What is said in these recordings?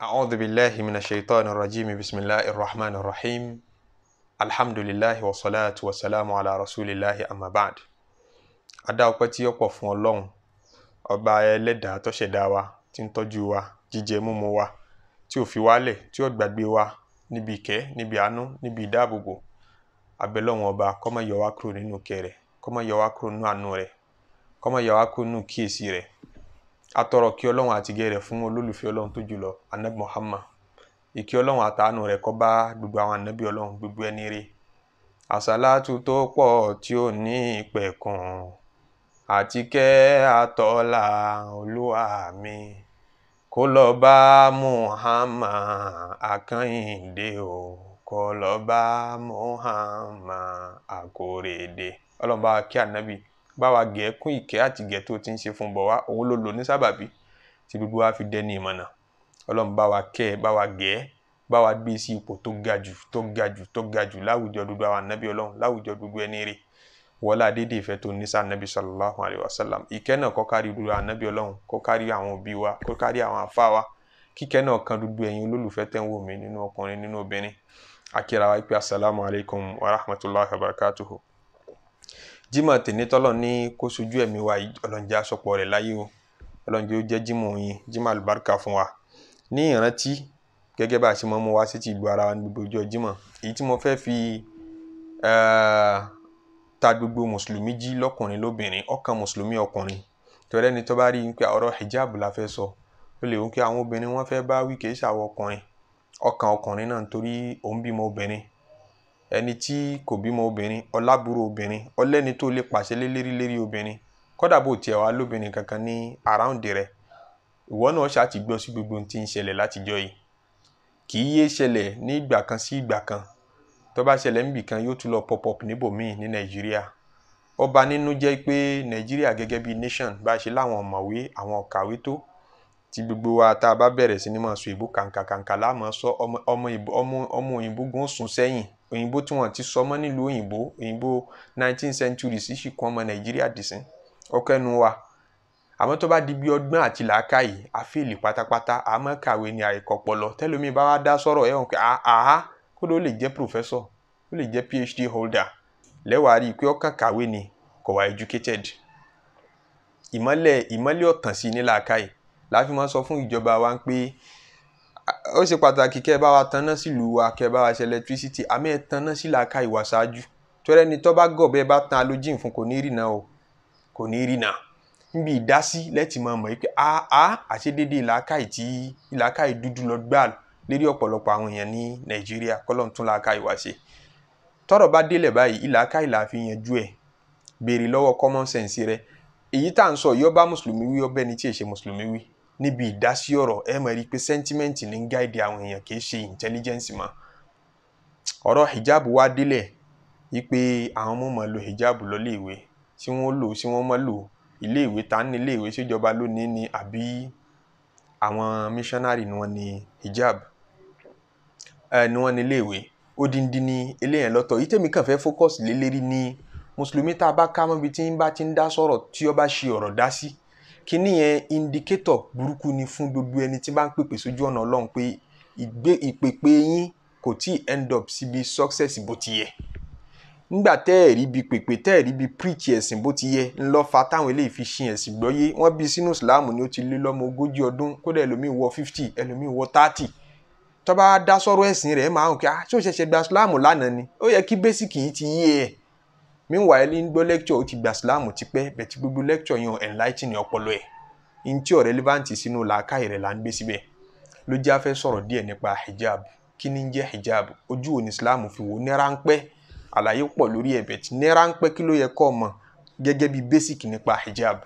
أعوذ بالله من الشيطان الرجيم بسم الله الرحمن الرحيم الحمد لله والصلاة والسلام على رسول الله أما بعد adá ọpẹ́ tí ó pọ̀ fún Ọlọ́run ọba Ẹlẹ́dàá tó ṣẹ̀dá wa tí ń tọ́jú wa jíjẹ múmu wa tí ò fi wálẹ̀ tí ó gbàgbé wa níbi ìkẹ́ níbi àánú níbi ìdáàbòbò abẹ́lọ́run ọba kó má yọ wá kúrò nínú ìkẹ́ rẹ̀ kó má yọ wá kúrò nínú àánú rẹ̀ kó má yọ wá kúrò nínú kíyèsí rẹ̀ atọrọ kí ọlọ́run àtìgẹ́ rẹ̀ fún olólùfẹ́ ọlọ́run tó jùlọ anabi muhammad ìkí ọlọ́run àtàánú rẹ̀ kó bá gbogbo àwọn anabi ọlọ́run gbogbo ẹni rí àsálàtú tó pọ̀ tí ó ní ìpẹ̀kùn àtikẹ́ àtọ́lá olúwa mi kó lọ bá muhammad akányìndé o kó lọ bá muhammad akórèdè ọlọ́run bá kí anabi bá wa gẹ̀ kún ìkẹ́ àti gẹ̀ tó ti ń ṣe fún bọ̀ wá òun ló lò ní sábàbí tí gbogbo wa fi dẹni ìmọ̀nà ọlọ́run bá wa kẹ́ ẹ bá wa gẹ̀ ẹ́ bá wa gbé sí ipò tó ga jù tó ga jù tó ga jù láwùjọ gbogbo àwọn ànábì ọlọ́run láwùjọ gbogbo ẹni rè wọlé adédè ìfẹ́ tó ní sáà nàbì sallallahu alayhi wa sallam ìkẹ́ náà kó kárí gbogbo ànábì ọlọ́run kó kárí àwọn òbí wa kó kárí àwọn àfa wa kíkẹ́ náà kan gbogbo ẹ̀yin olólùfẹ́ tẹ́ ń wò mí nínú ọkùnrin nínú obìnrin akíra wa pé asalaamualeykum wa rahmatulahi wa barakatuhu. Jímọ̀ tèmi tọ́lọ̀ ní kó sojú ẹ̀mí wa yìí ọlọ́njẹ́ asopọ̀ rẹ̀ láyé o ọlọ́njẹ́ ó jẹ́ Jímọ̀ yín Jímọ̀ àlùbáríkà fún wa ní ìrántí gẹ́gẹ́ bá a ṣe máa ń mú wa sí ti ìlú ara wa ní gbogbo ọjọ́ Jímọ̀ èyí tí mo fẹ́ fi ta gbogbo mùsùlùmí jí lọ́kùnrin lóbìnrin ọkàn mùsùlùmí ọkùnrin torí ẹni tó bá rí pé ọ̀rọ̀ hijab la fẹ́ sọ ó lè wọ́n pé àwọn obìnrin wọ́n fẹ́ bá wí kì í ṣàwọ̀ ọkùnrin ọkàn ọkùnrin náà nítorí òun bímọ obìnrin ẹni tí kò bímọ obìnrin ọlábùrú obìnrin ọlẹ́ni tó lè pàṣẹ lélérí lérí obìnrin kódà bó tiẹ̀ wá lóbìnrin kankan ní àráǹdì rẹ̀ ìwọ náà ṣáà ti gbọ́ sí gbogbo ohun tí ń ṣẹlẹ̀ látijọ́ yìí kì í yé ṣẹlẹ̀ ní ìgbà kan sí ìgbà kan tó bá ṣẹlẹ̀ níbì kan yóò tún lọ pop up níbòmíì ní nàìjíríà ó nínú jẹ́ pé nàìjíríà gẹ́gẹ́ bíi nation bá ṣe láwọn ọ̀mọ̀wé àwọn ọ̀kàwé tó tí gbogbo wa tá a bá bẹ̀rẹ̀ sí ni máa sọ ìbò kàǹkàkàǹkà láàmú sọ ọmọ òyìnbó gún sùn sẹ́yìn òyìnbó tí wọ́n ti sọmọ́ nílùú òyìnbó òyìnbó th century sì sì kún ọmọ nàìjíríà dìsẹ́ ọkọ ẹnu wa àmọ́ tó bá di bí ọgbọ́n àti làákàyè àfẹ́lì pátápátá àmọ́ kàwé ni àìkọ́ pọlọ tẹ́lómi bá wá dá sọ̀rọ̀ ẹ̀hún pé ah, àhá kó ló lè jẹ́ professor ó lè jẹ́ phd holder lẹ́wàá rí i pé ọkàn kàwé ni kò wá educated ìmọ́lẹ̀ ìmọ́lẹ̀ ọ̀tàn sí ní làákàyè láfi máa sọ fún ìjọba wa pé o ṣe pàtàkì kẹ́ ẹ bá wa tanná sílùú wa kẹ́ ẹ bá wa ṣe ẹlẹtírísítì àmì ẹ tanná sí làákà ìwà ṣáájú tọ́rẹ́ ni tọ́ bá gọ̀ bẹ́ẹ̀ bá tan alójìn fún kò o kò ní rìnà níbi ìdásí lẹ́tì máa mọ̀ pé a a àṣedédé làákà ìtì làákà ìdúdú lọ gbà lérí ọ̀pọ̀lọpọ̀ àwọn èèyàn ní Nàìjíríà kọ́lọ́n tún làákà ìwà ṣe tọ́rọ̀ bá délẹ̀ báyìí ìlàákà ìlà yọba níbi ìdásí ọ̀rọ̀ ẹ máa rí pé sentiment ní ń gáìdì àwọn èèyàn kì í ṣe intelligence mọ́ ọ̀rọ̀ hijab wá délẹ̀ wípé àwọn ọmọ máa lo hijab lọ́lé ìwé tí wọ́n lò tí wọ́n máa lò ilé ìwé ta ní ilé ìwé ṣèjọba lónìí ni àbí àwọn missionary ni wọ́n ní hijab ẹ ni wọ́n ní ilé ìwé odindi ni eléyàn lọ́tọ̀ yìí tèmi kàn fẹ́ focus lé lérí ní mùsùlùmí tá a bá ká mọ́bi tí ń bá ti ń dá sọ̀rọ̀ tí ó bá ṣe ọ̀rọ̀ dá sí kíní yẹn indicator burúkú ni fún gbogbo ẹni tí bá ń pèpè sójú ọ̀nà ọlọ́run pé ìgbé ìpèpè yín kò tí end up síbi success bó ti yẹ nígbà tẹ́ ẹ̀ rí bi pèpè tẹ́ ẹ̀ rí bi preach ẹ̀sìn bó ti yẹ ńlọ́fà táwọn eléyìí fi ṣin ẹ̀sìn gbọ́yé wọ́n bí sínú ìsìláàmù ni ó ti lé lọ́mọ ogójì ọdún kódà ẹlòmíì wọ fifty ẹlòmíì wọ thirty tọ́ba dá sọ́rọ̀ ẹ̀sìn rẹ̀ máa ń kí a ṣó ṣẹ̀ṣẹ̀ gba ìsìláàmù lánàá ni ó yẹ kí bẹ́sìkì yìí ti yé ẹ̀ meanwhile ń gbọ́ lecture ó ti gba Islam tipẹ́ bẹ̀tí gbogbo lecture yẹn enlightening ọpọlọ ẹ̀ in tí ó relevant sínú làákàyè rẹ̀ là ń gbé síbẹ̀ ló jẹ́ afẹ́ sọ̀rọ̀ díẹ̀ nípa hijab kí ni ń jẹ́ hijab ojú wo ni Islam fi wò ní ráńpẹ́ àlàyé pọ̀ lórí ẹ̀ bẹ̀tí ní ráńpẹ́ kí ló yẹ kọ́ ọmọ gẹ́gẹ́ bí basic nípa hijab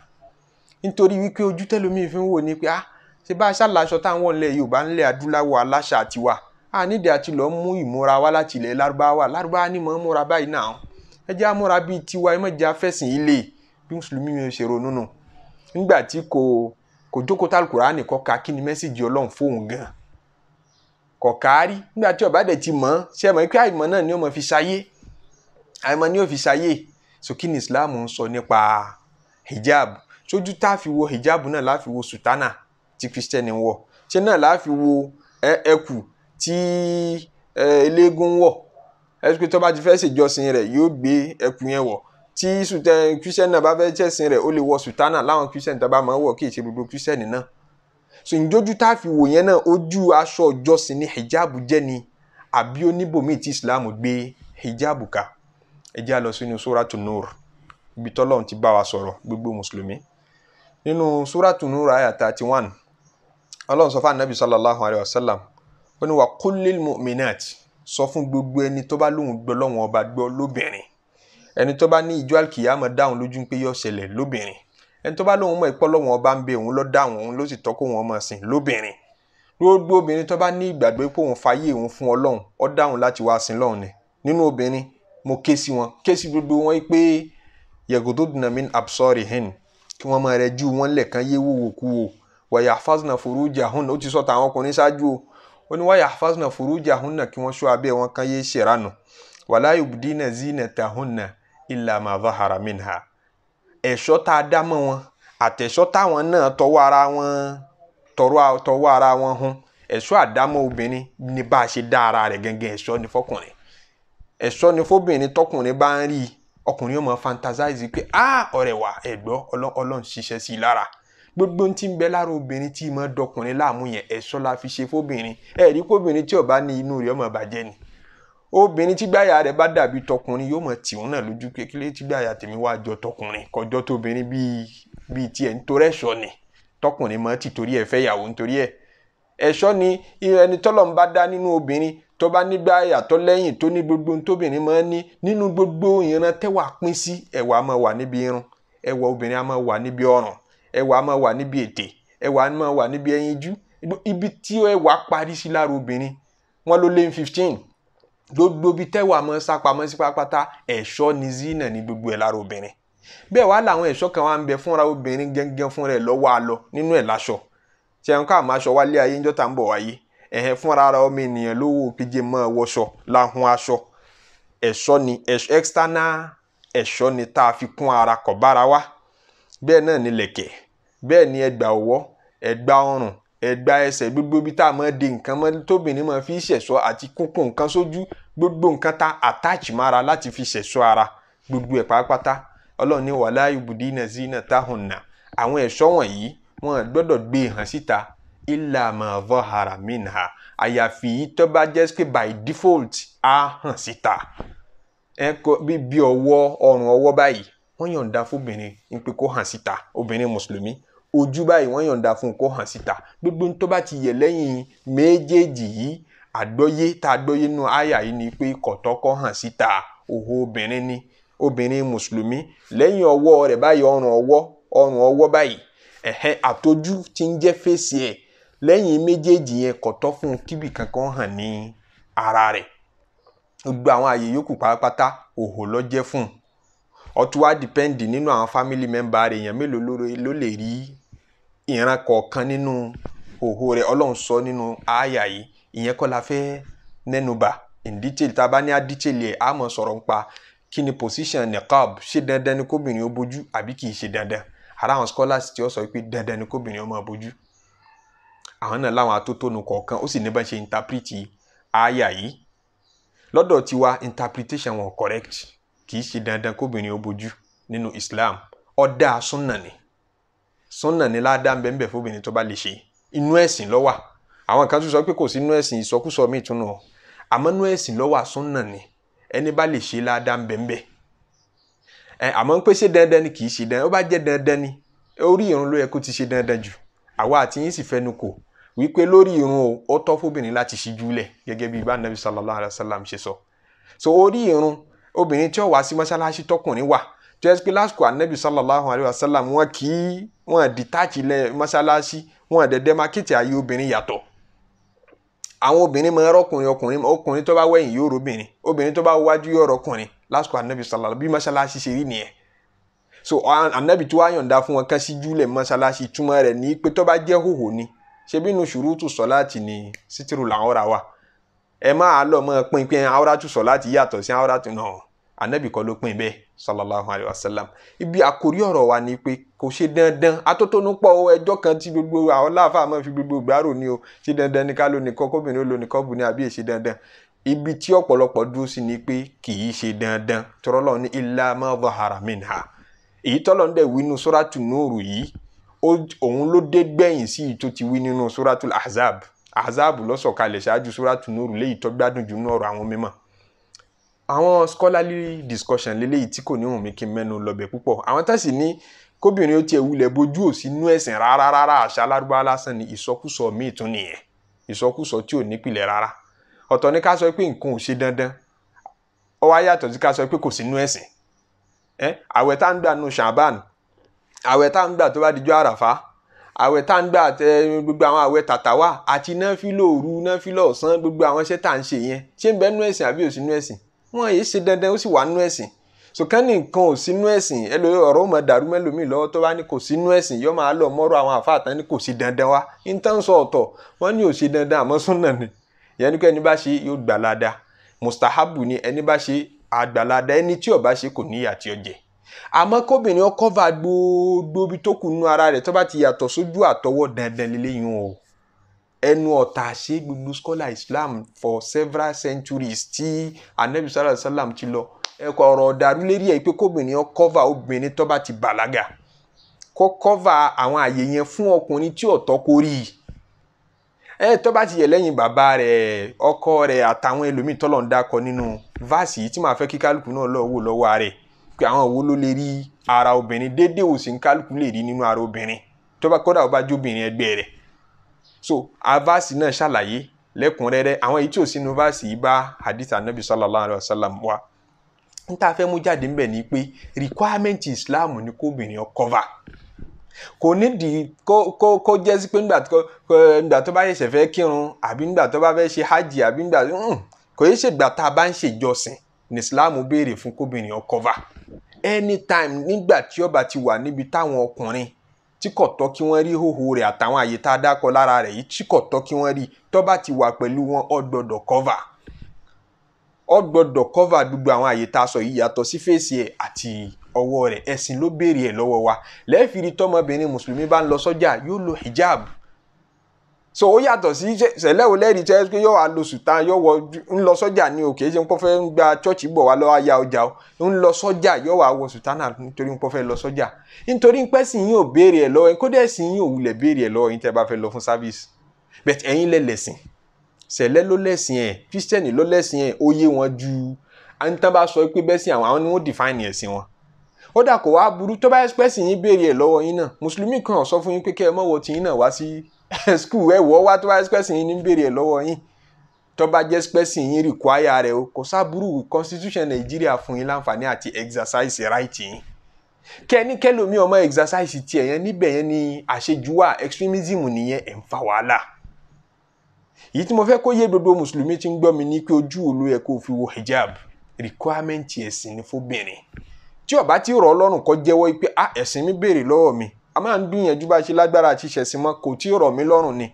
nítorí wípé ojú tẹ́lómìn fi ń wò ní pé ah ṣe bá a ṣàlàṣọ táwọn ilẹ̀ Yorùbá ńlẹ̀ adúláwọ̀ aláṣà tiwa a nídìí àti lọ́ọ́ mú ìmúra wá láti ilẹ̀ lárúbáwá lárúbáwá ni mò ń múra báyìí náà ẹ jẹ́ amúra bíi tiwa ẹ má jẹ́ afẹ́sìn yìí lè bí mùsùlùmí mi ṣe ronú nù nígbà tí kò kò jókòó tá alukur'ani kọ́ ka kí ni mẹ́sìgì ọlọ́run fóun gan kọ̀ kárí nígbà tí ọba dẹ̀ ti mọ̀ ọ́n ṣe mọ̀ pé àìmọ̀ náà ni ó mọ̀ fi ṣayé àìmọ̀ ni ó fi ṣayé so kí ni Islam ń sọ nípa hijab sójú tá a fi wo hijab náà láfi wo sùtánà tí Christian ń wọ̀ ṣé náà láfi wo ẹkù tí eléégún ń wọ̀ ẹsùn pé tó bá ti fẹ́ ṣèjọsìn rẹ̀ yóò gbé ẹkù yẹn wọ̀ tí christian náà bá fẹ́ ṣẹ̀sìn rẹ̀ ó lè wọ sùtánà láwọn christian tó bá máa ń wọ̀ kì í ṣe gbogbo christian náà so ìjójú tá a fi wò yẹn náà ojú aṣọ ìjọsìn ní hijab jẹ́ ni àbí oníbòmíì tí islam gbé hijab ká ẹ jẹ́ a lọ sínú suratu nur ibi tọ́lọ́run ti bá wa sọ̀rọ̀ gbogbo mùsùlùmí nínú suratu nur àyà thirty one ọlọ́run sọ fún anabi sallallahu alayhi wa sallam ó ní wa kullil mu'minati sọ fún gbogbo ẹni tó bá lóun gbọ́ lọ́wọ́n ọba gbọ́ lóbìnrin ẹni tó bá ní ìjọ àlùkìyàmọ̀ dáhùn lójú pé yọ ṣẹlẹ̀ lóbìnrin ẹni tó bá lóun mọ̀ ìpọ́ lọ́wọ́n ọba ń bẹ òun lọ dáhùn òun ló sì tọ́ kó wọn mọ̀ sìn lóbìnrin gbogbo obìnrin tó bá ní ìgbàgbé pé òun fàyè òun fún ọlọ́run ó dáhùn láti wá sin lọ́run ni nínú obìnrin mo ké sí wọn ké sí gbogbo wọn pé yẹgòdó dùnà mí absọ́rì hìn kí wọ́n máa rẹ ju wọn lẹ̀kan yé wòwòkú o wọ̀yà fásitì náà forójà ó ti sọ tàwọn ọkùnrin ṣáájú o ó ní wáyà fásitì fúrújà hún náà kí wọ́n ṣọ́ abẹ́ wọn kan yé ṣèrànù wàlá yubdina zinata hún náà illa ma zahara minha ẹ̀ṣọ́ tá a dá mọ́ wọn àtẹ̀ṣọ́ táwọn náà tọwọ́ ara wọn tọwọ́ ara wọn hun ẹ̀ṣọ́ àdámọ́ obìnrin ní bá a ṣe dá ara rẹ̀ gẹ́gẹ́ ẹ̀ṣọ́ ni fọkùnrin ẹ̀ṣọ́ ni fóbìnrin tọkùnrin bá ń rí ọkùnrin yóò mọ fantasize pé ah ọ̀rẹ́ wa ẹ̀gbọ́ ọlọ́run ṣiṣẹ́ sí i lára gbogbo ti ń bẹ lára obìnrin tí mo dọkùnrin láàmú yẹn ẹ̀ṣọ́ la fi ṣe fóbìnrin ẹ rí kóbìnrin tí ó bá ní inú rẹ̀ ó máa bàjẹ́ ni obìnrin tí gbáyà rẹ̀ bá dàbí tọkùnrin yóò máa tì òun náà lójú kékeré tí gbáyà tèmi wá jọ tọkùnrin kọjọ́ tóbìnrin bíi bíi tiẹ̀ nítorí ẹ̀ṣọ́ ni tọkùnrin mọ́ ti torí ẹ̀ fẹ́ yàwó nítorí ẹ̀ ẹ̀ṣọ́ ni ẹni tọ́lọ̀ ń bá dá nínú obìnrin tó bá nígbà yàtọ̀ lẹ́yìn tó ní gbogbo tóbìnrin máa ń ní nínú gbogbo ìran tẹ́wà pín sí ẹ̀wà máa wà níbi irun ẹ̀wà obìnrin á máa wà níbi ọrùn ẹwà máa wà níbi ètè ẹwà máa wà níbi ẹyinjú ibi tí ẹwà parí sí lára obìnrin wọn ló lé ní fifteen gbogbo ibi tẹwà máa sá sí pátápátá ẹ̀ṣọ́ zina ní gbogbo ẹ̀ kan ń bẹ fúnra obìnrin alọ nínú láṣọ tí ká aṣọ wálé ayé tá ń wáyé fúnra aṣọ external ẹṣọ ni tá a fi kún ara wa bẹẹ náà ni bẹ́ẹ̀ ni ẹgbà ọwọ́ ẹgbà ọrùn ẹgbà ẹsẹ̀ gbogbo ibi tá a máa de nǹkan mọ́ tóbìnrin máa fi ṣẹ̀ṣọ́ àti kúnkún nǹkan sójú gbogbo nǹkan tá attach mára láti fi ṣẹ̀ṣọ́ ara gbogbo ẹ̀ pàápàá ọlọ́run ní wàlá ibùdí iná sí iná táhùn nà àwọn ẹ̀ṣọ́ wọ̀nyí wọn gbọ́dọ̀ gbé hàn síta ilà màvọ́ hara minha àyàfi yìí tó bá jẹ́ pé by default a hàn síta ẹ kọ bí ọwọ́ ọrùn ọwọ́ báyìí wọ́n yọ̀ǹda fóbìnrin ń pé kó hàn síta obìnrin mùsùlùmí ojú báyìí wọ́n yọ̀ǹda fún un kó hàn síta gbogbo tó bá ti yẹ lẹ́yìn méjèèjì yìí àgbọ́yé tá a gbọ́yé nínú àyà yìí ni pé kọ̀tọ́kọ́ hàn síta òhò obìnrin ni obìnrin mùsùlùmí lẹ́yìn ọwọ́ rẹ̀ báyìí ọrùn ọwọ́ ọrùn ọwọ́ báyìí ẹ̀hẹ́n àtọ́jú ti ń jẹ́ fèsì ẹ̀ lẹ́yìn méjèèjì yẹn kọ̀tọ́ fún un kíbi kankan hàn ní ara rẹ̀ gbogbo àwọn àyè yòókù pátápátá òhò ló jẹ́ fún un ọtún wá dìpẹ́ǹdì nínú àwọn fámìlì mẹ́mbà rẹ̀ èèyàn mélòó ló lè rí ìran kọ̀ọ̀kan nínú òhò rẹ̀ ọlọ́run sọ nínú àyà yìí ìyẹn kọ́ la fẹ́ nẹ́nubà in detail tá a bá ní a detail yẹ a mọ̀ sọ̀rọ̀ nípa kí ni position niqab ṣé dandan ni kóbìnrin ó bójú àbí kì í ṣe dandan ara àwọn scholars tí ó sọ pé dandan ni kóbìnrin ó máa bójú àwọn náà láwọn atótónu kọ̀ọ̀kan ó sì ní bá ṣe interpret àyà yìí lọ́dọ̀ tiwa interpretation wọn correct kì í ṣe dandan kóbìnrin ó bójú nínú Islam ó dá sunna ni sunna ni ládàá bẹ́ẹ̀ fóbìnrin tó bá lè ṣe inú ẹ̀sìn ló wà àwọn kan tún sọ pé kò sí inú ẹ̀sìn ìsọkúsọ míì tún nù àmọ́ inú ẹ̀sìn ló wà sunna ni ẹni bá lè ṣe ládàá bẹ́ẹ̀ ẹ àmọ́ ń pé ṣe dandan ni kì í ṣe dandan ó bá jẹ́ dandan ni orí irun ló yẹ kó ti ṣe dandan jù àwa àti yín sì fẹnu kò wípé lórí irun o ó tọ́ fóbìnrin láti ṣíjú lẹ̀ gẹ́gẹ́ wa obìnrin tí ó wá sí mọ́ṣáláṣí tọkùnrin wà tó yẹ kí lásìkò anabi sallallahu alayhi wa sallam wọn kì í wọn dìtáàchì lẹ mọ́sálásí wọn dẹ̀dẹ̀ máa kéte ayé obìnrin yàtọ̀ àwọn obìnrin máa rọkùnrin ọkùnrin ọkùnrin tó bá wẹ̀yìn yóò robìnrin obìnrin tó bá wájú yóò rọkùnrin lásìkò anabi sallallahu bí mọ́sálásí ṣe rí nìyẹn so anabi tó wá yọ̀ǹda fún wọn kan sí júlẹ̀ mọ́sálásí túmọ̀ rẹ̀ ní pé tó bá jẹ́ hòhò ni ṣebí nu ṣùrùtù sọ̀láàtì ni sitiru làwọn ra wa ẹ máa lọ mọ́ pínpín àwòrán tù sọ̀láàtì yàtọ̀ sí àwòrán tù náà anabi kọ́ ló pín bẹ́ẹ̀ sallallahu alayhi wa sallam ibi àkórí ọ̀rọ̀ wa ni pé kò ṣe dandan atótónu pọ̀ o ẹjọ́ kan tí gbogbo àwọn láàfáà máa fi gbogbo gbàrò ni o ṣe dandan ní ká ló nìkan kóbìnrin ó lo nìkan bù ní àbí èṣe dandan ibi tí ọ̀pọ̀lọpọ̀ dúró sí ni pé kì í ṣe dandan tọ́lọ́ ní illa ma zahara minha èyí tọ́lọ́ ń dẹ̀ wí nínú suratu nuru yìí òun ló dé gbẹ̀yìn sí ìtò ti wí nínú suratul ahzab ahzab ló ṣáájú suratu nuru léyìí tó jù nínú ọ̀rọ̀ àwọn mímọ́ àwọn scholarly discussion lélẹ́yìí tí kò ní wùn mí kí n mẹ́nu lọ́bẹ̀ púpọ̀ àwọn tá sì ní kóbìnrin ó tiẹ̀ wulẹ̀ bójú ò sí nú ẹ̀sìn rárá rárá àṣà alárúbá lásán ni ìsọkúsọ míì tún nìyẹn ìsọkúsọ tí ò nípìlẹ̀ rárá ọ̀tọ̀ ni ká sọ pé nǹkan ò ṣe dandan ó wá yàtọ̀ sí ká sọ pé kò sí nú ẹ̀sìn ẹ àwẹ̀ tá ń gbà nù ṣàbàn àwẹ̀ tá ń gbà tó bá dijọ́ àràfá àwẹ̀ tá ń gbà tẹ gbogbo àwọn àwẹ̀ tàtàwà àti náfìlò òru náfìlò ọ̀sán gbogbo àwọn iṣẹ́ tá ń ṣe yẹn ṣé ń bẹ nú ẹ̀sìn àbí ò sí nú ẹ̀sìn wọn èyí ṣe dandan ó sì wà nú ẹ̀sìn sọkàn nìkan ò sínú ẹ̀sìn ẹlòmíì ọ̀rọ̀ ó máa dàrú mẹ́lòmíì lọ́wọ́ tó bá ní kò sínú ẹ̀sìn yọ máa lọ mọ́rọ̀ àwọn àfa àtàn ní kò sí dandan wa ní tán sọ ọ̀tọ̀ wọ́n ní ò ṣe dandan àmọ́ súnà ni ìyẹn ní kó ẹni bá ṣe yóò gbàlada mustahabu ni ẹni bá ṣe àgbàlada ẹni tí ó bá ṣe kò níyà tí ó jẹ àmọ́ kóbìnrin ọkọ va gbogbo ibi tó kù nínú ara rẹ̀ tó bá ti yàtọ̀ sójú àtọwọ́ dandan lélẹ́yìn o ẹnu ọ̀tà ṣe gbogbo scholar Islam for several centuries tí anabi sallallahu alayhi wa sallam ti lọ ẹ̀kọ́ ọ̀rọ̀ ọ̀dàrú lérí ẹ̀ pé kóbìnrin ó kọ́va obìnrin tó ti bàlágà kó kọ́va àwọn àyè yẹn fún ọkùnrin tí ọ̀tọ́ kò rí ẹ tó ti yẹ lẹ́yìn bàbá rẹ̀ ọkọ rẹ̀ àtàwọn ẹlòmíì tọ́lọ̀ ń dákọ nínú vaasi tí màá fẹ́ kí kálukú náà lọ wò lọ́wọ́ rẹ̀ pé àwọn wo ló lè rí ara obìnrin déédéé òsì ń kálukú lè rí nínú ara obìnrin tó bá kódà ó bá jóbìnrin ẹgbẹ́ rẹ̀ so avasi náà ṣàlàyé lẹ́kùnrẹ́rẹ́ àwọn èyí tí ò sínú vaasi yìí bá hadith anabi sallallahu alayhi wa sallam wa n ta fẹ́ mú jáde ńbẹ̀ ni pé requirement islam ni kóbìnrin ó cover kò ní di kó kó kó jẹ́ sí pé nígbà tó nígbà tó bá ṣẹ̀ṣẹ̀ fẹ́ kírun àbí nígbà tó bá fẹ́ ṣe hajj àbí nígbà kò yẹ ṣègbà tá a bá ń ṣèjọsìn ní islam béèrè fún kóbìnrin ó cover anytime nígbà tí ó ti wà níbi táwọn ọkùnrin tí kò tọ́ kí wọ́n rí hóhó rẹ̀ àtàwọn àyè tá a dákọ lára rẹ̀ yìí tí kí wọ́n rí tó ti wà pẹ̀lú wọn ó gbọ́dọ̀ cover ó cover gbogbo àwọn àyè tá a sọ yìí yàtọ̀ sí fèsì ẹ̀ àti ọwọ́ rẹ̀ ẹ̀sìn ló béèrè ẹ̀ lọ́wọ́ wa lẹ́ẹ̀fìrí tọmọbìnrin mùsùlùmí bá ń lọ sọ́jà yóò lo hijab so ó yàtọ̀ sí ṣẹlẹ̀ ò lẹ́rìí tẹ́ pé yóò wá lo sùtá yóò wọ ń lọ sọ́jà ní òkè ṣe ń pọ́ fẹ́ ń gba chọ́ọ̀chì bọ̀ wá lọ́wọ́ aya ọjà ó ń lọ sọ́jà yóò wá wọ sùtá náà nítorí ń pọ́ fẹ́ lọ sọ́jà nítorí pé sì yín ò béèrè ẹ̀ lọ́wọ́ kódà sì yín ò wulẹ̀ béèrè ẹ̀ lọ́wọ́ yín tẹ́ bá fẹ́ lọ fún service but ẹ̀yin lẹ lẹ̀sìn ló lẹ̀sìn ẹ̀ ó ju àwọn tán bá sọ pé bẹ́sìn àwọn àwọn define ẹ̀sìn wọn ó dà kó wá burú tó bá ẹ pẹ́sìn yín béèrè ẹ̀ lọ́wọ́ yín náà mùsùlùmí kan sọ fún yín pé kẹ́ ẹ mọ̀ wọ tiyín náà wá sí skul ẹ wọ́ wá tó bá spẹ́sìn yín ní béèrè ẹ̀ lọ́wọ́ yín tó bá jẹ́ spẹ́sìn yín rìkwáyà rẹ̀ o kò sábúrú constitution nàìjíríà fún yín láǹfààní àti exercise right yín kẹ́ni kẹ́lòmí ọmọ exercise tiẹ̀ yẹn níbẹ̀ yẹn ni àṣejù wà extremism nìyẹn ẹ̀ ń fa wàhálà yìí tí mo fẹ́ kó yé gbogbo mùsùlùmí tí ń gbọ́ mi ní pé ojú òlu ẹ̀ kó fi wo hijab requirement ẹ̀sìn ni fóbìnrin tí ó bá ti rọ̀ ọ́ lọ́rùn kó jẹ́wọ́ pé ah mi béèrè lọ́wọ́ mi a máa ń gbìyànjú bá ṣe lágbára àti ṣẹ̀sìn mọ́ kò tí ì rọ̀ mí lọ́rùn ni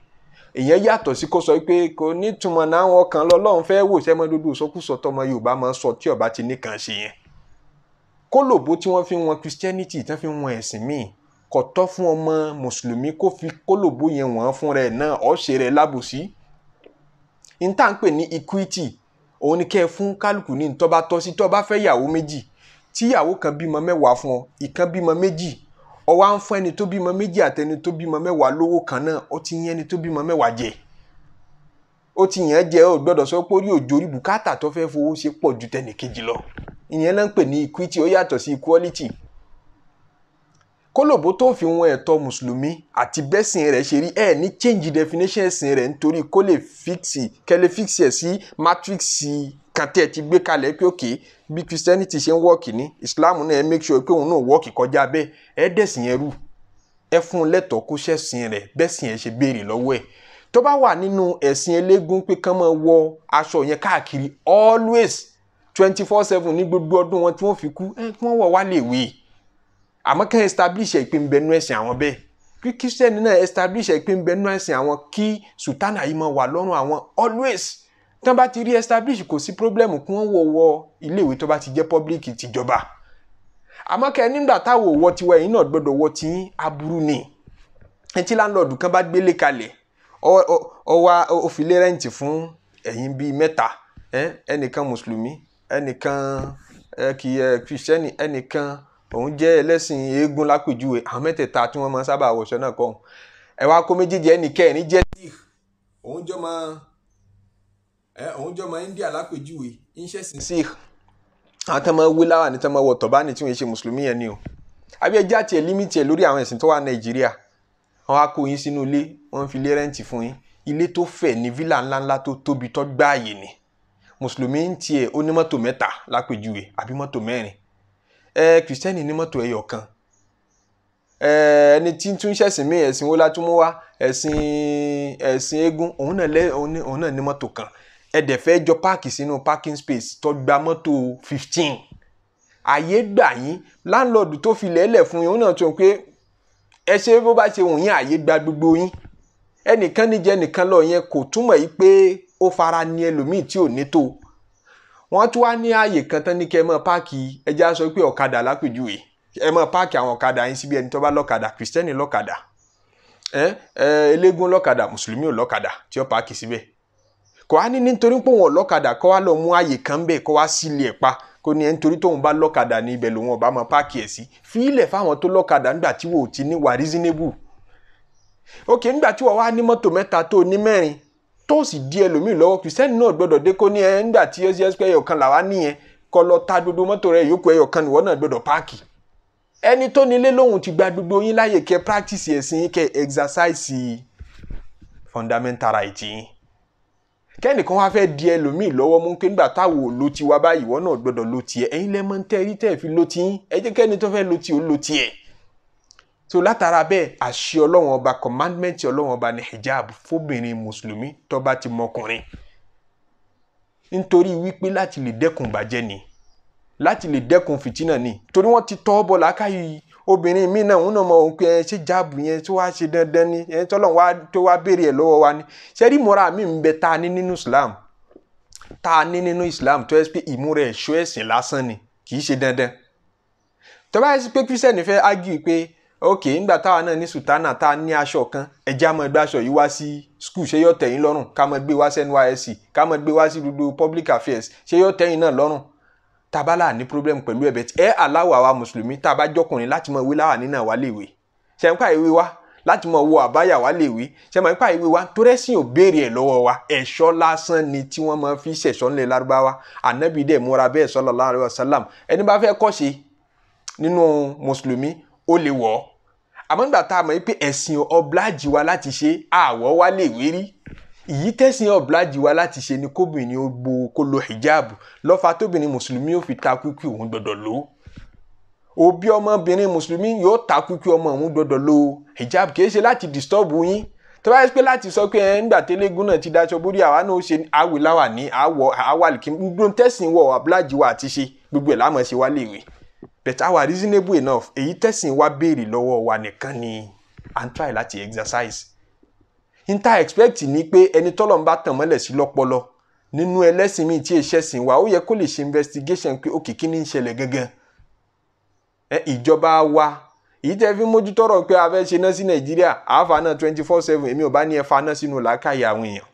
ìyẹn yàtọ̀ sí kó sọ pé kò nítumọ̀ náà wọn kan lọ́lọ́run fẹ́ wò sẹ́mọ́ dúdú sọkúsọ tọmọ Yorùbá máa ń sọ tí ọba ti nìkan ṣe yẹn kólòbó tí wọ́n fi wọn Christianity tí wọ́n fi wọn ẹ̀sìn míì kò tọ́ fún ọmọ mùsùlùmí kó fi kólòbó yẹn wọ́n fún rẹ̀ náà ọ̀ ṣe rẹ̀ lábòsí n tá à ń pè ní equity òun ni kẹ́ ẹ fún kálukú ní ntọ́ bá tọ́ sí tọ́ bá fẹ́ yàwó méjì tíyàwó kan bímọ mẹ́wàá fún ọ ìkan bímọ méjì ó wá ń fún ẹni tó bímọ méjì àtẹni tó bímọ mẹ́wàá lówó kan náà ó ti yẹn ẹni tó bímọ mẹ́wàá jẹ ó ti yẹn jẹ ó gbọ́dọ̀ sọ pé orí òjò orí bùkátà tó fẹ́ fowó ṣe pọ̀ ju tẹnì lọ ìyẹn náà ń pè ní equity ó yàtọ̀ sí equality kólòbó tó fi wọn ẹ̀tọ́ mùsùlùmí àti bẹ́sìn rẹ̀ ṣe rí ẹ̀ ní change definition ẹ̀sìn rẹ̀ nítorí kó lè fíksì kẹ́lẹ́ fíksì ẹ̀ sí matrix kan tí ẹ ti gbé kalẹ̀ pé òkè bí christianity ṣe ń wọ́ọ̀kì ní islam náà ẹ make sure pé òun náà wọ́ọ̀kì kọjá bẹ́ẹ̀ ẹ dẹ̀sìn yẹn rú ẹ fún un lẹ́tọ̀ọ́ kó ṣẹ̀sìn rẹ̀ bẹ́sìn ẹ ṣe béèrè lọ́wọ́ ẹ̀ tó bá wà nínú ẹ̀sìn eléégún pé kán máa wọ aṣọ yẹn káàkiri always twenty four seven ní gbogbo ọdún wọn tí wọ́n fi kú ẹ kí wọ́n wọ̀ wá lè wé àmọ́ kán establish ẹ̀ pé ń ẹ̀sìn àwọn bẹ́ẹ̀ kí christian náà establish ẹ̀ pé ẹ̀sìn àwọn kí sultana yìí máa wà lọ́rùn àwọn always tán bá ti rí establish kò sí problem kí wọ́n wọ̀ wọ iléèwé tó bá ti jẹ́ public tìjọba àmọ́ kẹ́ nígbà táwọn òwò tiwa yìí náà gbọ́dọ̀ wọ tí aburú ni etí láńlọ́ọ̀dù kan bá gbélé kalẹ̀ ọwa òfìlé rẹ́ǹtì fún ẹ̀yìn bíi mẹ́ta ẹnìkan mùsùlùmí ẹnìkan kì í kìrìsìtẹ́nì ẹnìkan òun jẹ́ ẹlẹ́sìn eégún lápèjúwe àwọn mẹ́tẹ̀ẹ̀ta tí wọ́n máa ń sábà wọṣọ náà kọ́ ẹ̀ kó méjèèjì ẹnìkẹ́rin jẹ́ òun jọ́ máa òun jọmọ India lápèjúwe ń ṣẹ̀sìn sí àwọn tó máa wí láwà ní tó máa wọ tọ̀bánì tí wọ́n ṣe mùsùlùmí yẹn ni o àbí ẹjẹ́ àti ẹ̀ límìtì ẹ̀ lórí àwọn ẹ̀sìn tó wà Nàìjíríà wọ́n á kó yín sínú ilé wọ́n fi lé rẹ́ǹtì fún yín ilé tó fẹ̀ ní fílà ńláńlá tó tóbi tó gbáàyè ni mùsùlùmí ń tiẹ̀ ó ní mọ́tò mẹ́ta lápèjúwe àbí mọ́tò mẹ́rin ẹ kìrìsìtẹ́nì ní mọ́tò ẹyọ kan ẹni tí ń tún ṣẹ̀sìn mí ẹ̀sìn wọlá tún mú wá ẹ̀sìn ẹ̀sìn eégún òun náà ní mọ́tò kan ẹ dẹ̀ fẹ́ jọ páàkì sínú parking space tó gba mọ́tò fifteen àyè gbà yín láńlọ́ọ̀dù tó fi lẹ́lẹ̀ fún yín ó náà tó pé ẹ ṣe bó bá ṣe wù yín àyè gba gbogbo yín ẹnìkan níjẹ nìkan lọ yẹn kò túmọ̀ yìí pé ó fara ní ẹlòmíì tí ò ní tó wọ́n tún wá ní àyè kan tán ní kẹ́ ẹ mọ́ páàkì ẹja sọ pé ọ̀kadà lápèjúwe ẹ mọ́ páàkì àwọn ọ̀kadà yín síbi ẹni tó bá lọ́kadà kìrìsìtẹ́nì lọ́kadà ẹ ẹ eléégún lọ́kadà mùsùlùmí ò lọ́kadà tí ó páàkì síbẹ̀ kò á ní nítorí pé òun ọlọ́kadà kọ́ wá lọ mú àyè kan bẹ́ẹ̀ kọ́ wá sílé ẹ̀ pa kò ní ẹni torí tóun bá lọ́kadà ní ibẹ̀ lòun ọba máa páàkì ẹ̀ sí fi ilẹ̀ fáwọn tó lọ́kadà nígbà tí wò ó ti ní wà reasonable ok nígbà tí wọ́n wá ní mọ́tò mẹ́ta tó ní mẹ́rin tó sì di ẹlòmíì lọ́wọ́ kìsẹ́ni náà gbọ́dọ̀ dé kó ní ẹ nígbà tí ó sì ẹ́ ẹyọ kan làwa nìyẹn kọ́ lọ ta gbogbo mọ́tò rẹ yòókù ẹyọ kan náà gbọ́dọ̀ páàkì ẹni tó nílé lóhùn ti gba gbogbo yín láyè kẹ́ practice ẹ̀sìn kẹ́ exercise fundamental right yín kẹ́nìkan wá fẹ́ di ẹlòmíì lọ́wọ́ mú pé nígbà táwo ló ti wá báyìí ìwọ náà gbọ́dọ̀ ló tiẹ̀ ẹ̀yin lẹ́ mọ́ ń tẹ́rí tẹ́ fi ló ti yín ẹ jẹ́ kẹ́ni tó fẹ́ ló ti ó ló tiẹ̀ so látara bẹ́ẹ̀ àṣẹ ọlọ́wọ́n ọba commandment ọlọ́wọ́n ọba ní hijab fóbìnrin mùsùlùmí tó bá ti mọkùnrin nítorí wípé láti lè dẹ́kun bàjẹ́ ni láti lè dẹ́kun fìtínà ni torí wọ́n ti tọ́ bọ̀ lákàyè obìnrin mi náà òun náà mọ òun pé ẹ ṣe jáàbù yẹn tó wá ṣe dandan ni ẹ tọ́lọ̀ wá tó wá béèrè ẹ̀ lọ́wọ́ wa ni ṣe rí mọ́ra mi ń bẹ ta ni nínú Islam ta ni nínú Islam tó yẹ pé ìmúra ẹ̀ṣọ́ ẹ̀sìn lásán ni kì í ṣe dandan tó bá yẹ pé kírísítẹ́nì fẹ́ ágì pé ok ńgbà táwa náà ní sùtánà tá a ní aṣọ kan ẹjẹ́ àmọ́ ẹgbẹ́ aṣọ yìí wá sí skul ṣé yọ tẹ̀yìn lọ́rùn ká mọ́ gbé wá sí NYSC ká mọ́ gbé wá sí gbogbo public affairs ṣé yọ tẹ̀yìn náà lọ́rùn tabala ní problem pẹ̀lú ẹ̀bẹ̀ ẹ aláwọ̀ àwa mùsùlùmí tá a bá jọkùnrin láti mọ ìwé láwà nínú àwa léwe ṣẹ̀ǹpá ìwé wa láti mọ wo àbáyà wa léwe ṣẹ̀ǹpá ìwé wa tórẹ́sìn ò béèrè ẹ̀ lọ́wọ́ wa ẹ̀ṣọ́ lásán ni tí wọ́n máa fi ṣẹ̀ṣọ́ ńlẹ̀ lárúbáwá ànábì dẹ̀ múra bẹ́ẹ̀ sallallahu alaihi wasallam ẹni bá fẹ́ kọ́ṣe nínú mùsùlùmí ó lè wọ̀ ọ́ àmọ́ nígbà tá a mọ̀ pé ẹ̀sìn oblige wa láti ṣe àwọ̀ wa léwe rí èyí tẹ̀sìn ọ̀bùlájì wa láti ṣe ni kóbìnrin ó gbo kó lo hijab lọ́fà tóbìnrin mùsùlùmí ò fi ta kúkú òun gbọ́dọ̀ lò ó òbí ọmọbìnrin mùsùlùmí yóò ta kúkú ọmọ òun gbọ́dọ̀ lo hijab kì í ṣe láti disturb yín tó bá yẹ pé láti sọ pé ẹ ńgbà tẹ́lẹ́gùn náà ti daṣọ bórí àwa náà ó ṣe àwìláwà ní àwọ̀ àwàlìkí gbogbo tẹ̀sìn wọ ọ̀bùlájì wa àti ṣe gbogbo ẹ̀ lámọ̀ ṣe wá léèwé but our reasonable enough èyí tẹ̀sìn wa béèrè lọ́wọ́ wa nìkan ni and try láti exercise níta expect ni pé ẹni tọ́lọ̀ ń bá tàn mọ́lẹ̀ sí lọ́pọlọ nínú ẹlẹ́sìn míì tí èṣẹ́ sìn wá ó yẹ kó lè ṣe investigation pé òkè kí ni ń ṣẹlẹ̀ gangan ẹ ìjọba wa èyí tẹ́ fi mójútó ọ̀rọ̀ pé a fẹ́ ṣe náà sí nàìjíríà àáfà náà twenty four seven èmi ò bá ní ẹ fa náà sínú làákàyè àwọn èèyàn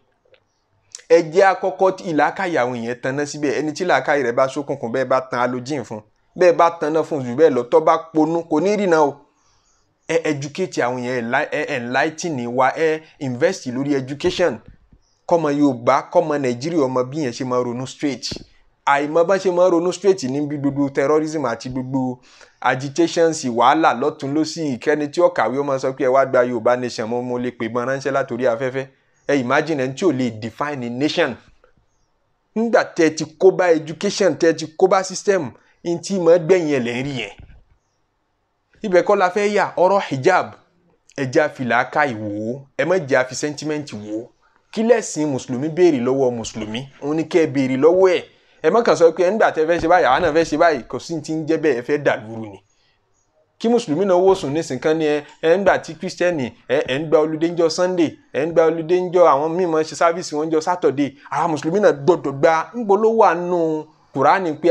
ẹ jẹ́ àkọ́kọ́ tí làákàyè àwọn èèyàn tan náà síbẹ̀ ẹni tí làákàyè rẹ̀ bá ṣókùnkùn bẹ́ẹ̀ bá tan alójìn fún bẹ́ẹ̀ bá tan náà fún jù bẹ́ẹ̀ lọ bá ponú kò ní rí o ẹ educate àwọn yẹn ẹ enlightening wa ẹ invest lórí education kọ́mọ Yorùbá kọ́mọ Nàìjíríà ọmọ bí yẹn ṣe máa ronú straight àìmọ̀ bá ṣe máa ronú straight níbi gbogbo terrorism àti gbogbo agitations wàhálà lọ́tún lọ́sì ìkẹ́ni tí ó kàwé ó máa sọ pé ẹ wá gba Yorùbá nation mo mo lè pè mọ́ ránṣẹ́ látòrí afẹ́fẹ́ ẹ imagine ẹni tí ò lè define a nation nígbà tẹ ti kó bá education tẹ́ ti kó bá system ntí mọ́ gbẹ̀yìn ẹ̀ lẹ́yìn rí yẹn ibẹ̀ kọ́ la fẹ́ yà ọ̀rọ̀ hijab ẹja filaka àfilà ká ìwò ẹ má jẹ́ àfi sẹ́ńtímẹ́ǹtì wò kí lẹ́sìn mùsùlùmí béèrè lọ́wọ́ mùsùlùmí òun ni kẹ́ ẹ béèrè lọ́wọ́ ẹ kàn sọ pé ẹnìgbà tẹ fẹ́ báyìí àwọn náà fẹ́ ṣe báyìí kò sí ti ń jẹ́ bẹ́ẹ̀ ẹ fẹ́ ni kí mùsùlùmí náà wò sùn ni ẹ ẹ ń kírísítẹ́nì ẹ ẹ olùdé ẹ ń olùdé àwọn ṣe sáfíìsì wọn gba kùránì pé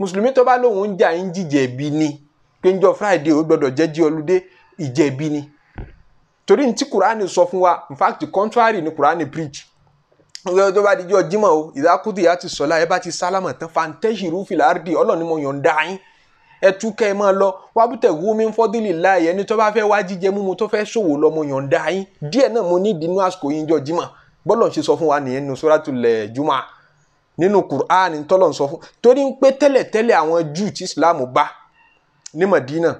mùsùlùmí tó bá lóun ń jà ń jìjẹ̀bi ni pé friday ó gbọdọ̀ jẹ́ jí ọlúdé ìjẹ̀bi ni torí ní tí kùránì sọ fún wa in fact contrary ni kùránì preach ọjọ́ tó bá di jọ jímọ̀ o ìdákùtì yà ti sọ̀lá ẹ bá ti sálámà tán fantasy rúfin láàrídì ọlọ́ọ̀ni mo yàn dá yín ẹ tú kẹ́ ẹ máa lọ wábùtẹ̀ wúmi fọ́dílì láàyè ẹni tó bá fẹ́ wá jíjẹ mímu tó fẹ́ ṣòwò lọ mo yàn dá yín díẹ̀ náà mo ní ìdínú àsìkò yín jọ jímọ̀ bọ́lọ̀ ṣe sọ fún wa nìyẹn nù suratul Jumu'ah nínú Qur'an tọ́lọ̀ ń sọ fún torí ń pé tẹ́lẹ̀tẹ́lẹ̀ àwọn Júù tí Islam bá ní Madina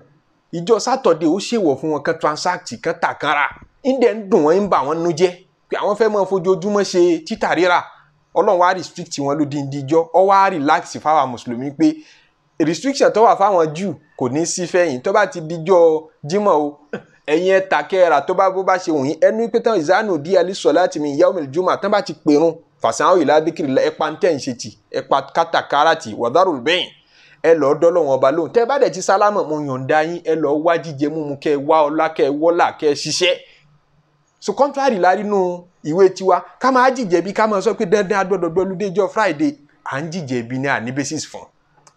ìjọ sátọ̀dẹ̀ ó ṣèwọ̀ fún wọn kan transact kan tà kan rà ìdẹ̀ ń dùn wọ́n ń bà wọ́n nú jẹ́ pé àwọn fẹ́ máa fojoojúmọ́ ṣe títà rírà ọlọ́run wá restrict wọn ló di ìdíjọ́ ọ wá relax fáwọn mùsùlùmí pé restriction tó wà fáwọn Júù kò ní sí fẹ́yìn tó bá ti dijọ́ Jímọ̀ o ẹ̀yin ẹ̀ta kẹ́ra tó bá bó bá ṣe wọ̀nyí ẹnu pé tán ìzánù díẹ̀ lè sọ láti mi ìyá omi ìjùmọ̀ tán bá ti pèrún fàṣàwọn ìlà díkìrì ẹpa ń tẹ̀ ń ṣe tì ẹpa kátàkárà tì wàdàrú bẹ́ẹ̀ ẹ lọ dọ́lọ̀ wọn ọba lóhùn tẹ́ bá dẹ̀ ti sálámà mo yọ̀ǹda yín ẹ lọ wá jíjẹ múmu kẹ́ wá ọlá kẹ́ ẹ wọ́là ṣiṣẹ́ so contrary la rí nù ìwé tiwa ká máa jíjẹ bí ká máa sọ pé dandan agbọ́dọ̀ gbọ́lú déjọ́ Friday à ń jíjẹ bí ní àní basis fún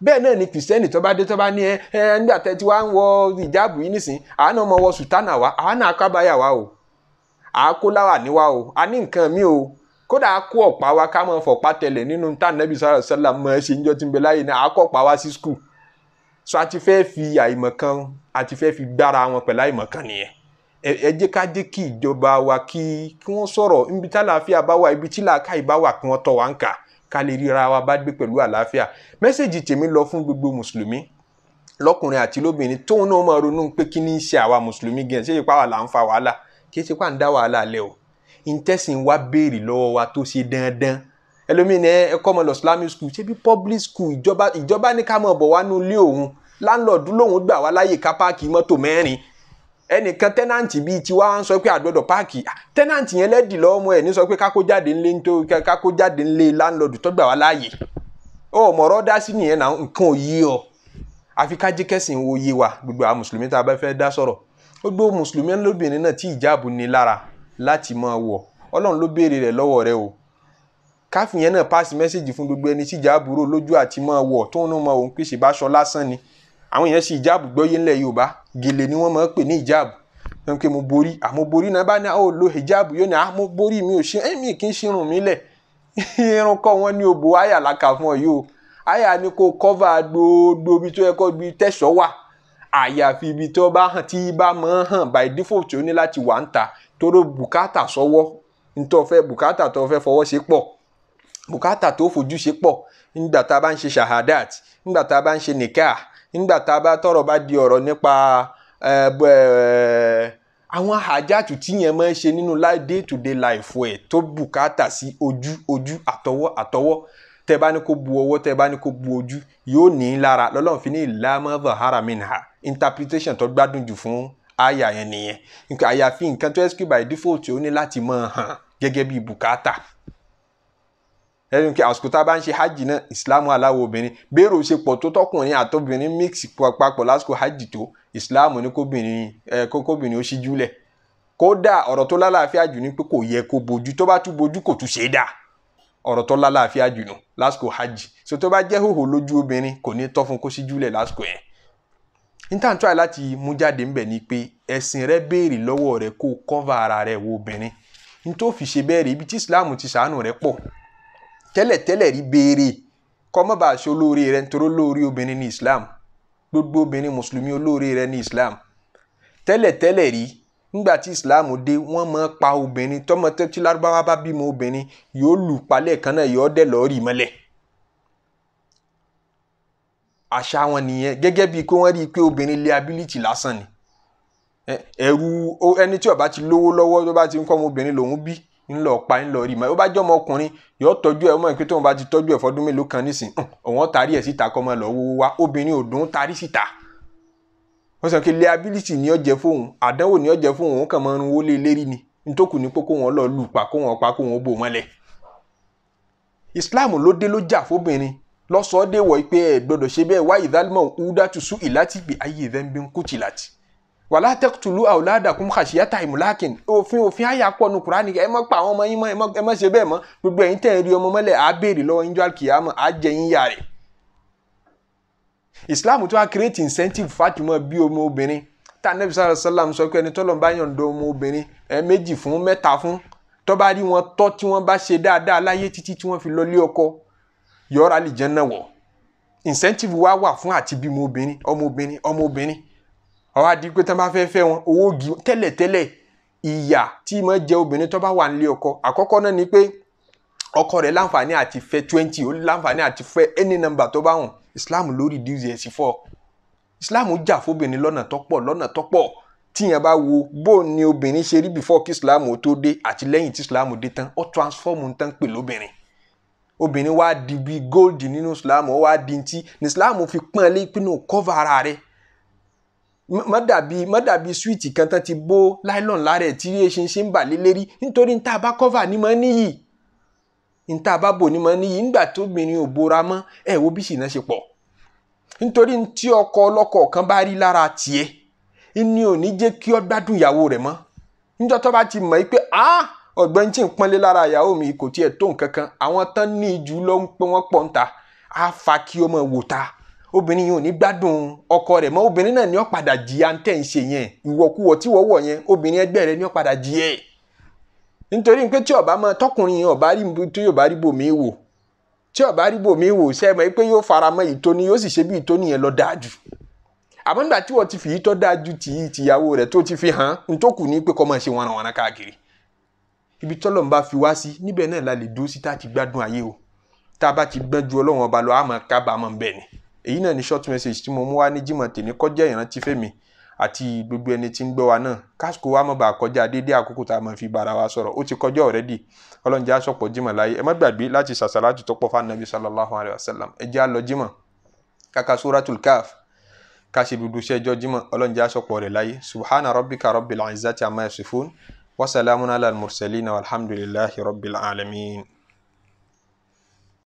bẹ́ẹ̀ náà ni kìrìsìtẹ́nì tó bá dé tó bá ní ẹ ẹ nígbà tẹ́ tí wàá ń wọ ìjáàbù yìí nísìn àá náà wọ sùtánà wa àá náà kábàáyà wa o àá kó láwà níwá o àá ní nǹkan mi o kódà a kó ọ̀pá wa ká máa fọ̀pá tẹ̀lẹ̀ nínú tá nàbí sọ̀rọ̀ sọ́là mọ̀ ẹ́ ṣe ń jọ́ tí ń bẹ láyé náà a kó ọ̀pá wa sí skul so a ti fẹ́ fi àìmọ̀ kan a ti fẹ́ fi gbára wọn pẹ̀lú àìmọ̀ kan nìyẹn ẹ jẹ́ ká jẹ́ kí ìjọba wa kí kí wọ́n sọ̀rọ̀ ibi tí àlàáfíà bá wà ibi tí làákàyè bá wà kí wọ́n tọ́ wa ń kà ká lè ríra wa bá gbé pẹ̀lú àlàáfíà mẹ́sẹ̀gì tèmi lọ fún gbogbo mùsùlùmí lọkùnrin àti lóbìnrin tóun náà máa ronú pé kí ní í ṣe àwa mùsùlùmí gan ṣé ìpá wà là ń fa wàhálà kì ṣe pà wàhálà lẹ ntẹ́sìn wa béèrè lọ́wọ́ wa tó ṣe dandan ẹlòmíín ní ẹkọ́ ọmọ lọ islamic school ṣé bí public school ìjọba ìjọba ní ká mọ̀ bọ̀ wá nínú ilé òun láńlọ́ọ̀dù lòun gbà wá láyè ká páàkì mọ́tò mẹ́rin ẹnìkan tẹ́nàǹtì bíi tiwa ń sọ pé àgbọ̀dọ̀ páàkì ah, tẹ́nàǹtì yẹn lẹ́dì lọ́mọ ẹ̀ ní sọ pé kákó jáde ńlé ńtó kákó jáde ńlé láńlọ́ọ̀dù tó gbà wá láàyè ó mọ̀rọ́ dá sí nìyẹn náà nǹkan ò yí ọ àfi ká jẹ́ wo yé wa gbogbo àwọn mùsùlùmí tá a bá fẹ́ dá sọ̀rọ̀ gbogbo mùsùlùmí lóbìnrin náà tí ìjáàbù ní lára láti máa wọ̀ ọlọ́run ló béèrè rẹ̀ lọ́wọ́ rẹ o káfíyẹn náà pass message fún gbogbo ẹni tí ìjáàbúrò lójú àti máa wọ̀ tó ń mọ òun pèsè bá aṣọ lásán ni àwọn èèyàn sì ìjáàbù gbọ́yé ńlẹ̀ Yorùbá gèlè ni wọ́n máa ń pè ní ìjáàbù wọn pe mo borí àmọ́ borí náà bá ní àwọn olo ìjáàbù yóò ní àmọ́ borí mi ò ṣe ẹ́ mi kì í ṣirun mi lẹ̀ irun kọ́ wọn ní òbò àyà làkà fún ọ yìí o àyà ni kò kọ́fà gbogbo ibi tó yẹ kó ibi tẹ̀sọ́ wà àyàfi ibi tó bá hàn tí bá máa hàn by default ó ní láti wà ń ta Toro bukata sọ́wọ́ ntọ́ fẹ́ bùkátà tó fẹ́ fọwọ́ ṣe pọ̀ bùkátà tó fojú ṣe pọ̀ nígbà tá a bá ń ṣe shahadat nígbà tá a bá ń ṣe nikah nígbà tá a bá tọrọ bá di ọ̀rọ̀ nípa àwọn àjáàtú tíyẹn máa ń ṣe nínú day to day life ẹ̀ tó bukata sí ojú ojú àtọwọ́ àtọwọ́ tẹ bá ní kó bu ọwọ́ tẹ bá ní kó bu ojú yóò ní í lára lọ́lọ́run ní ìlàmọ́ the haramin ha interpretation tó gbádùn jù fún àyà yẹn nìyẹn àyàfi nǹkan tó ẹ́sìkì by default ó ní láti máa hàn gẹ́gẹ́ bí bùkátà ẹni pé àsìkò tá a bá ń ṣe hajj náà ìsìláàmù aláwọ̀ obìnrin bẹ́ẹ̀rù ṣe pọ̀ tó tọkùnrin àtọ́bìnrin mix papọ̀ lásìkò hajj tó ìsìláàmù ní kóbìnrin ẹ kóbìnrin ó ṣíjú lẹ̀ kódà ọ̀rọ̀ tó lálàáfíà jù ni pé kò yẹ kó bojú tó bá tún bojú kò tún ṣe é dà ọ̀rọ̀ tó lálàáfíà jù nù lásìkò hajj so tó bá jẹ́ hòhò lójú obìnrin kò ní tọ́ fún kó ṣíjú lẹ̀ lásìkò yẹn níta n tọ́ láti mú jáde ńbẹ̀ ni pé ẹ̀sìn rẹ béèrè lọ́wọ́ rẹ kó kọ́va ara rẹ wo obìnrin n tó fi ṣe bẹ́ẹ̀ rí ibi tí Islam ti ṣàánú rẹ pọ̀ tẹ́lẹ̀tẹ́lẹ̀ rí béèrè kọ́ aṣọ olóore rẹ nítorí olóore obìnrin ní Islam gbogbo obìnrin mùsùlùmí olóore rẹ ní Islam tẹ́lẹ̀tẹ́lẹ̀ rí nígbà tí Islam dé wọ́n mọ́ pa obìnrin tọ́mọ tẹ́tí lárúbáwá bá bímọ obìnrin yóò lù palẹ̀ kan náà yóò dẹ̀ lọ́ọ́ rì mọ́lẹ̀ àṣà wọn nìyẹn gẹ́gẹ́ bíi pé wọ́n rí i pé obìnrin liability lásán ni ẹ̀rù ẹni tí ó bá ti lówó lọ́wọ́ tó bá ti ń kọ́ ọmọbìnrin lòún bí ńlọ pa ńlọ rí ma ó bá jẹ́ ọmọkùnrin yóò tọ́jú ẹ̀ ọmọ ìpínlẹ̀ tó ń bá ti tọ́jú ẹ̀ fọdún mélòó kan nísìn ọ̀wọ́n tarí ẹ̀ síta kọ́ ọmọ lọ wó wá obìnrin ò tarí síta wọ́n sọ pé liability ni ó jẹ́ fóun àdánwò ni ó jẹ́ fóun òun kàn máa ń wọlé e lérí ni ntòkù ni pé kó wọn lọ lù pa kó wọn pa kó wọn bò mọ́lẹ̀ Islam ló dé ló jà fóbìnrin lọ́sọ̀ọ́ dé wọ̀ pé ẹ gbọ́dọ̀ ṣe bẹ́ẹ̀ wá ìdálmọ̀ húdàtú sú ìlàtì bí ayé ìdẹ́nbí ń kùtì láti. wàlá taqtulu awladakum khashyata imlakin òfin òfin àyà pọ̀ nu kùránì ẹ má pa àwọn ọmọ yín mọ́ ẹ má ṣe bẹ́ẹ̀ mọ́ gbogbo ẹ̀yin tẹ̀ ń rí ọmọ mọ́lẹ̀ á béèrè lọ́wọ́ yín jọ́ àkìyàmọ́ á jẹ yín yà rẹ̀. Islam tó wá create incentive fatima bí ọmọ obìnrin tá anabi sàlẹ sàlám sọ pé ẹni tọ́lọ̀ ń bá yàn dán ọmọ obìnrin ẹ méjì fún mẹ́ta fún tó bá rí wọn yọ̀ọ́ ra lè incentive wa wà fún àti bímọ obìnrin ọmọ obìnrin ọmọ obìnrin ọwọ́ adi pé tán bá fẹ́ fẹ́ wọn owó gi tẹ́lẹ̀tẹ́lẹ̀ ìyà tí mo jẹ obìnrin tó bá wà nílé ọkọ àkọ́kọ́ náà ni pé ọkọ rẹ̀ láǹfààní àti fẹ́ twenty ó láǹfààní àti fẹ́ any number tó bá wọn Islam lórí reduce ẹ̀sìn fọ́ Islam jà fóbìnrin lọ́nà tọ́pọ̀ lọ́nà tọ́pọ̀ tíyẹn bá wo bó ni obìnrin ṣe rí before kí Islam ó tó dé àti lẹ́yìn tí Islam dé tán ó transform ń tán pè lóbìnrin obìnrin wá di bíi gold nínú islam ó wá di ntí ní islam fi pọ́n ẹ lépinú kọ́va ara rẹ̀ má dàbí má dàbí swíìtì kan tán ti bó láìlọ́n lára ẹ̀ tí ẹ ṣe ń ṣe ń bà lé lérí nítorí níta bá kọ́va ní mọ́ níyì níta bá bò ní mọ́ níyì nígbà tó obìnrin ò bora mọ́ ẹ̀ wo bí ṣìnà ṣe pọ̀ nítorí tí ọkọ ọlọ́kọ kan bá rí lára tiẹ̀ ni ò ní jẹ́ kí ọ gbádùn ìyàwó rẹ̀ mọ́ níjọ́ tó bá ti mọ̀ pé ah ọ̀gbẹ́ni tí ń pọ́nlé lára ìyàwó mi kò tiẹ̀ tó nǹkan kan àwọn tán ní ìjù lọ ń pé wọ́n pọ̀ ń ta á fa kí ọmọ wò ta obìnrin yìí ò ní gbádùn ọkọ rẹ̀ mọ́ obìnrin náà ní ó padà jìyà ń tẹ̀ ń ṣe yẹn ìwọ̀kuwọ̀ tí wọ́n wọ̀ yẹn obìnrin ẹgbẹ́ rẹ̀ ní ó padà jìyà ẹ̀ nítorí pé tí ọba mọ tọkùnrin yẹn ọba rí tó yóò bá rí bòmí wò tí ọba rí bòmí wò sẹ́mọ̀ pé yóò fara mọ́ ìtóni yóò sì ṣe bí ìtóni yẹn lọ dájú àmọ́ nígbà tí wọ́n ti fi yìí tọ́ dájú tì rẹ̀ tó ti fi hàn ń ní pé kọ́ máa ṣe wọnàwọnà káàkiri ibi tọ́lọ̀ ń bá fi wá sí níbẹ̀ náà la lè dúró sí tá a ti gbádùn ayé o tá a bá ti gbọ́n ju ọlọ́run ọba lọ àmọ́ kábàámọ̀ bẹ́ẹ̀ ni èyí náà ni short message tí mo mú wá ní Jímọ̀ tèmi kọjá ìrántí fẹ́mi àti gbogbo ẹni tí ń gbọ́ wa náà kásìkò wa má bàa kọjá dédé àkókò tá a máa fi bára wa sọ̀rọ̀ ó ti kọjá already ọlọ́run jẹ́ àṣọpọ̀ Jímọ̀ láyé ẹ má gbàgbé láti sàṣàlátù وسلام على المرسلين والحمد لله رب العالمين